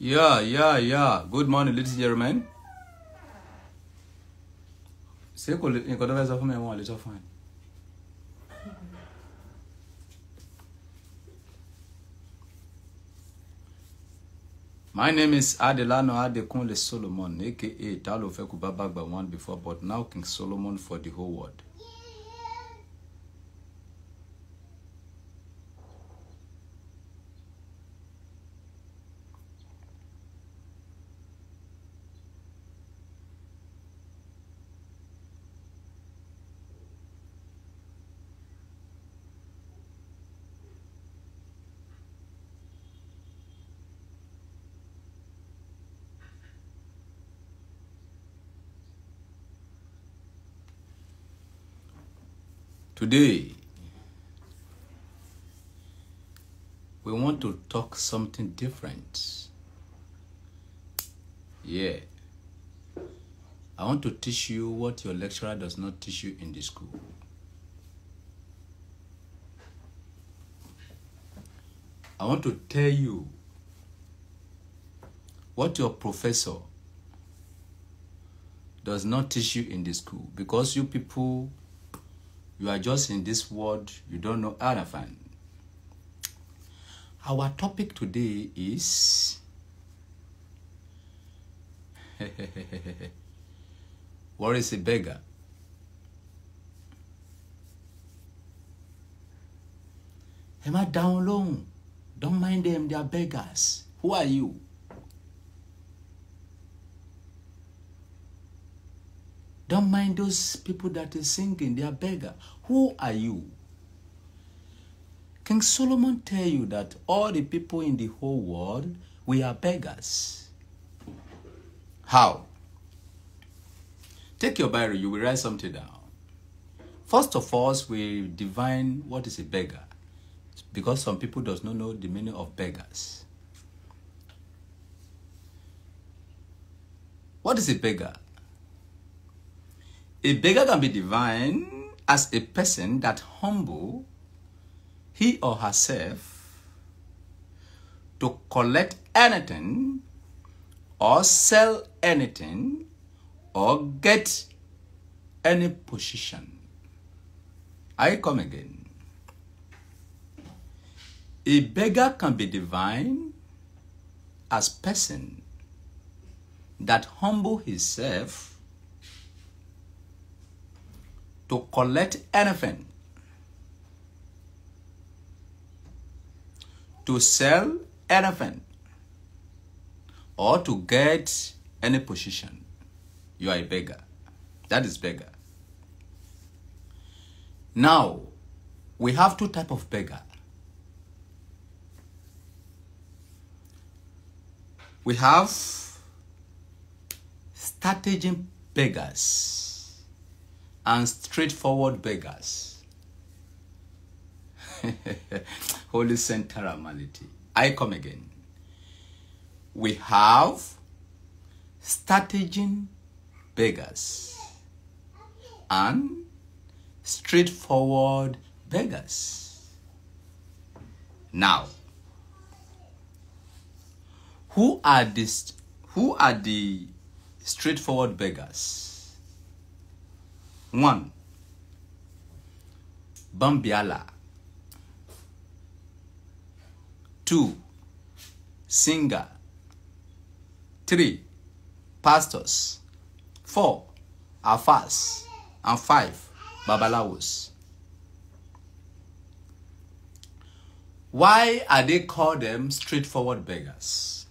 Yeah, yeah, yeah. Good morning, ladies and gentlemen. Ṣé kò lè nǹkan tó fẹ́ sọ fún mi wọn lè My name is Adelano Adekunle Solomon aka Talofeku Babagba one before but now King Solomon for the whole world. Today, we want to talk something different. Yeah. I want to teach you what your lecturer does not teach you in the school. I want to tell you what your professor does not teach you in the school because you people you are just in this world, you don't know Arafan. Ah, Our topic today is What is a beggar? Am I down low? Don't mind them, they are beggars. Who are you? Don't mind those people that is singing, they are beggar. Who are you? King Solomon tell you that all the people in the whole world, we are beggars. How? Take your Bible, you will write something down. First of all, we define what is a beggar. Because some people does not know the meaning of beggars. What is a beggar? A beggar can be divine as a person that humble he or herself to collect anything or sell anything or get any position. I come again. A beggar can be divine as person that humble himself to collect anything, to sell anything, or to get any position. You are a beggar. That is beggar. Now, we have two type of beggar. We have stratagem beggars and straightforward beggars. Holy Centrality. I come again. We have strategic beggars and straightforward beggars. Now, who are this? Who are the straightforward beggars? One, Bambiala. Two, singer. Three, pastors. Four, afas. And five, babalawos. Why are they called them straightforward beggars?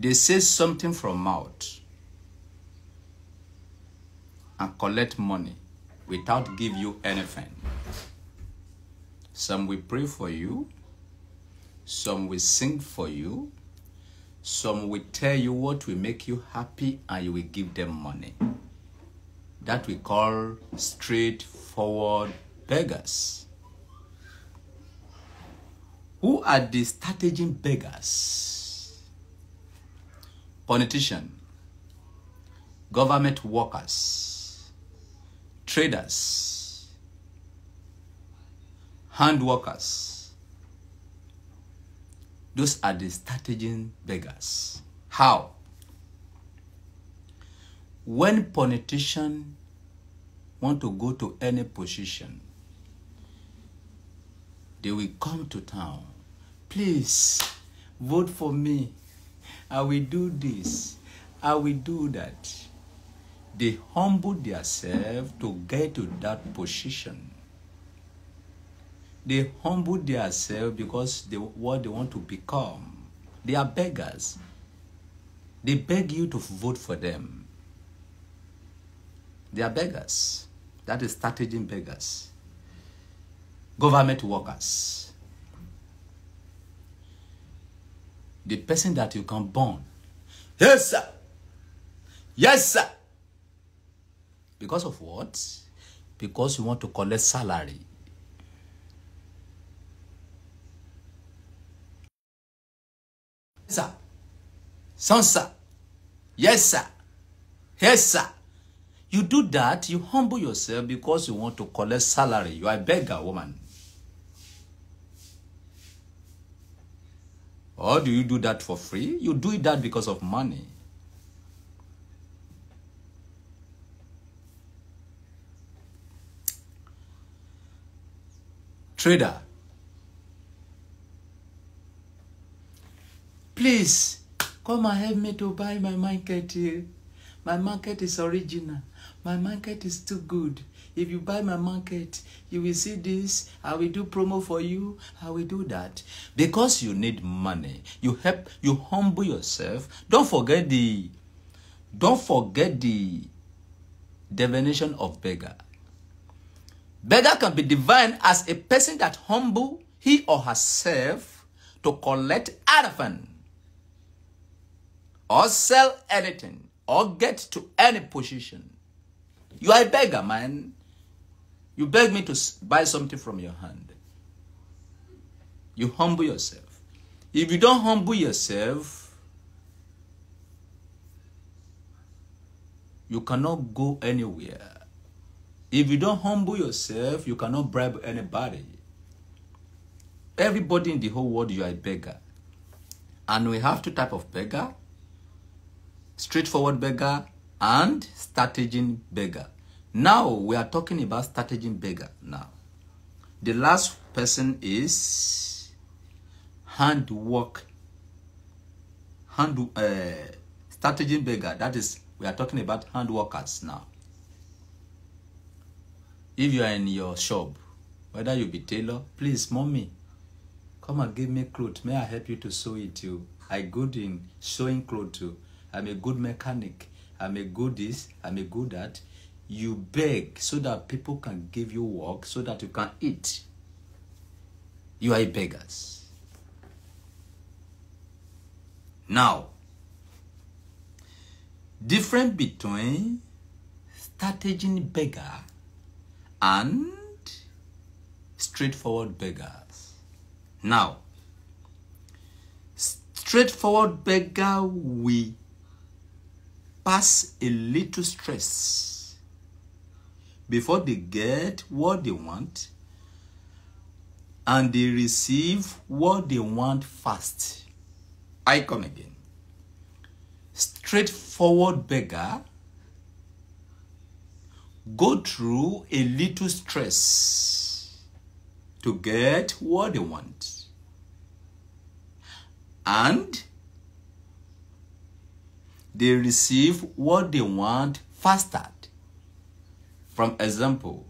They say something from mouth and collect money without give you anything. Some will pray for you. Some will sing for you. Some will tell you what will make you happy and you will give them money. That we call straightforward beggars. Who are the stratagem beggars? Politician, government workers, traders, hand workers. Those are the strategic beggars. How? When politicians want to go to any position, they will come to town. Please vote for me. I will do this. I will do that. They humble themselves to get to that position. They humble themselves because they what they want to become. They are beggars. They beg you to vote for them. They are beggars. That is stratagem beggars. Government workers. The person that you can bond. Yes, sir. Yes, sir. because of what because you want to collect salary sir Son, sir yes sir yes sir you do that you humble yourself because you want to collect salary you are a beggar woman or do you do that for free you do that because of money trader. Please come and help me to buy my market here. My market is original. My market is too good. If you buy my market, you will see this. I will do promo for you. I will do that. Because you need money. You help, you humble yourself. Don't forget the don't forget the definition of beggar. Beggar can be defined as a person that humble he or herself to collect anything or sell anything or get to any position. You are a beggar, man. You beg me to buy something from your hand. You humble yourself. If you don't humble yourself, you cannot go anywhere. If you don't humble yourself, you cannot bribe anybody. Everybody in the whole world, you are a beggar. And we have two type of beggar. Straightforward beggar and strategic beggar. Now, we are talking about strategic beggar now. The last person is handwork. Hand, uh, eh, strategic beggar. That is, we are talking about hand workers now. If you are in your shop, whether you be tailor, please, mommy, come and give me clothes. May I help you to sew it? You, I good in sewing clothes. Too. I'm a good mechanic. I'm a good this. I'm a good that. You beg so that people can give you work, so that you can eat. You are beggars. Now, difference between starting beggar and straightforward beggars. Now, straightforward beggar, we pass a little stress before they get what they want and they receive what they want fast. I come again. Straightforward beggar go through a little stress to get what they want. And they receive what they want faster. From example,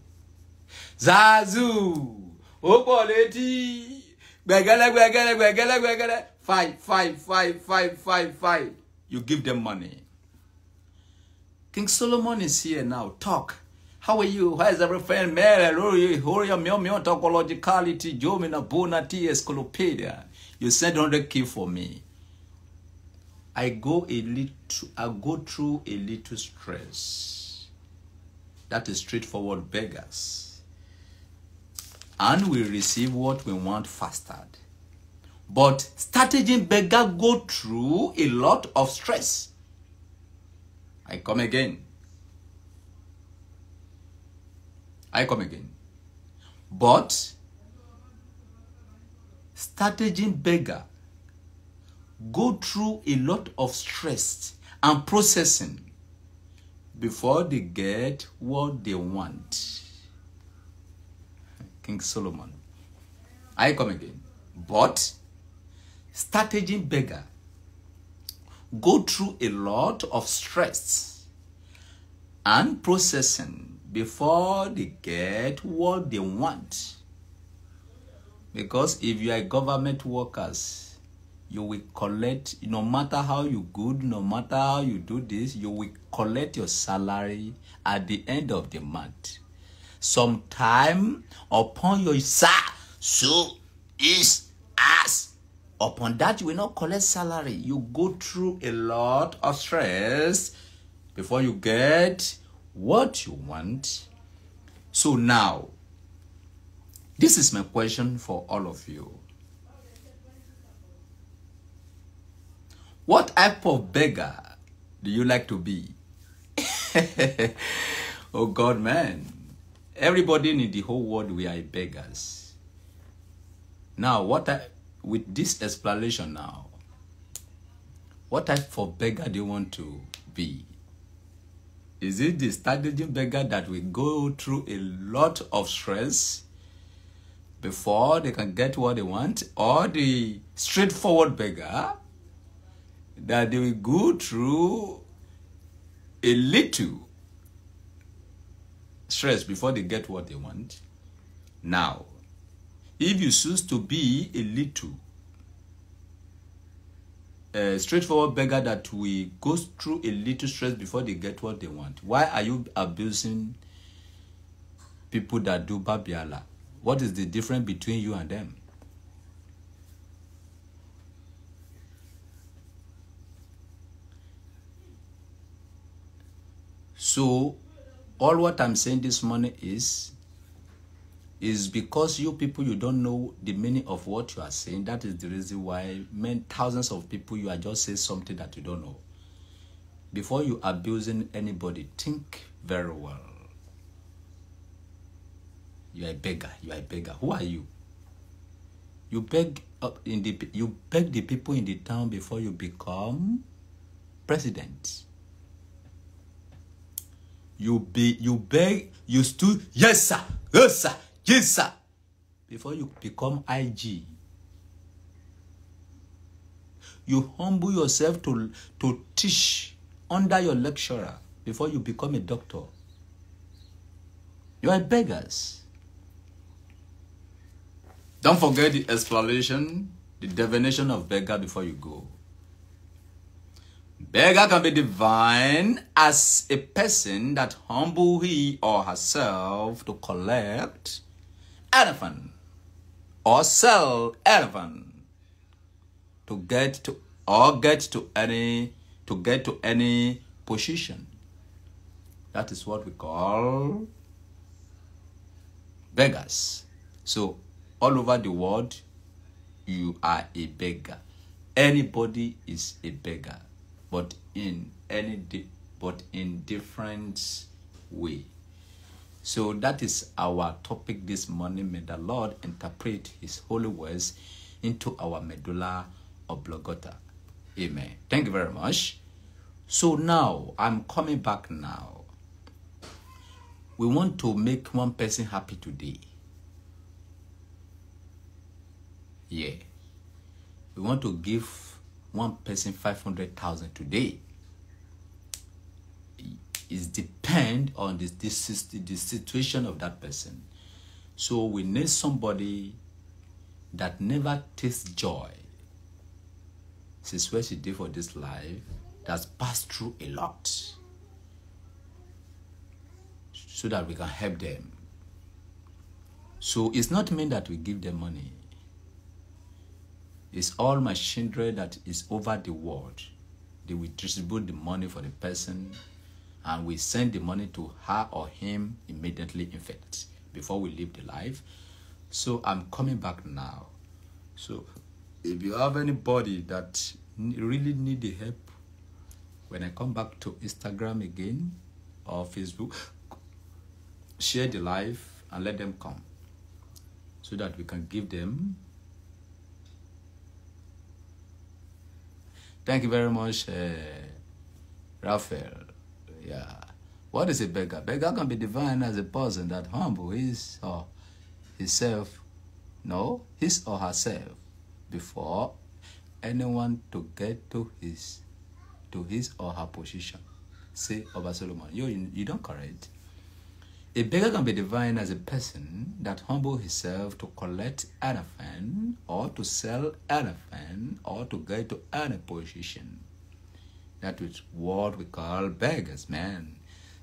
Zazu, Opoleti, Begala, Begala, Begala, Begala, five, five, five, five, five, five. You give them money. King Solomon is here now. Talk. How are you? How is everything? Mary, you? Huria, Miomio, Tocologicality, Jomina, Bona, T, Escolopedia. You send 100 key for me. I go a little, I go through a little stress. That is straightforward beggars. And we receive what we want faster. But starting beggar go through a lot of stress. I come again. I come again. But starting beggar go through a lot of stress and processing before they get what they want. King Solomon. I come again. But starting beggar go through a lot of stress and processing before they get what they want. Because if you are government workers, you will collect, no matter how you good, no matter how you do this, you will collect your salary at the end of the month. Sometime upon your sir, so is as upon that you will not collect salary. You go through a lot of stress before you get what you want. So now, this is my question for all of you. What type of beggar do you like to be? oh God, man. Everybody in the whole world, we are beggars. Now, what I, with this explanation now, what type of beggar do you want to be? Is it the stagnant beggar that will go through a lot of stress before they can get what they want? Or the straightforward beggar that they will go through a little stress before they get what they want? Now, if you choose to be a little uh, straightforward beggar that we go through a little stress before they get what they want. Why are you abusing people that do Babiala? What is the difference between you and them? So, all what I'm saying this morning is is because you people you don't know the meaning of what you are saying. That is the reason why many thousands of people you are just saying something that you don't know. Before you abusing anybody, think very well. You are a beggar. You are a beggar. Who are you? You beg up in the you beg the people in the town before you become president. You be you beg you stood yes sir yes sir Yes, sir. Before you become IG, you humble yourself to, to teach under your lecturer before you become a doctor. You are beggars. Don't forget the explanation, the definition of beggar before you go. Beggar can be divine as a person that humble he or herself to collect elephant or sell elephant to get to or get to any to get to any position. That is what we call beggars. So all over the world, you are a beggar. Anybody is a beggar, but in any but in different way. So that is our topic this morning. May the Lord interpret his holy words into our medulla oblongata. Amen. Thank you very much. So now, I'm coming back now. We want to make one person happy today. Yeah. We want to give one person 500,000 today is depend on the, the, the situation of that person. So we need somebody that never tastes joy. This is what she did for this life that's passed through a lot so that we can help them. So it's not mean that we give them money. It's all machinery that is over the world. They will distribute the money for the person and we send the money to her or him immediately, in fact, before we leave the life. So I'm coming back now. So if you have anybody that really need the help, when I come back to Instagram again or Facebook, share the life and let them come so that we can give them. Thank you very much, uh, Raphael. Yeah. What is a beggar? Beggar can be defined as a person that humble his or himself, no, his or herself before anyone to get to his to his or her position. Say over Solomon. You you don't correct. A beggar can be defined as a person that humble himself to collect anything or to sell anything or to get to any position that is what we call beggars, man.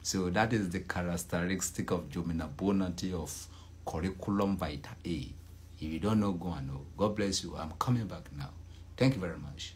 So that is the characteristic of juminabonati of curriculum vitae. If you don't know, go and know. God bless you. I'm coming back now. Thank you very much.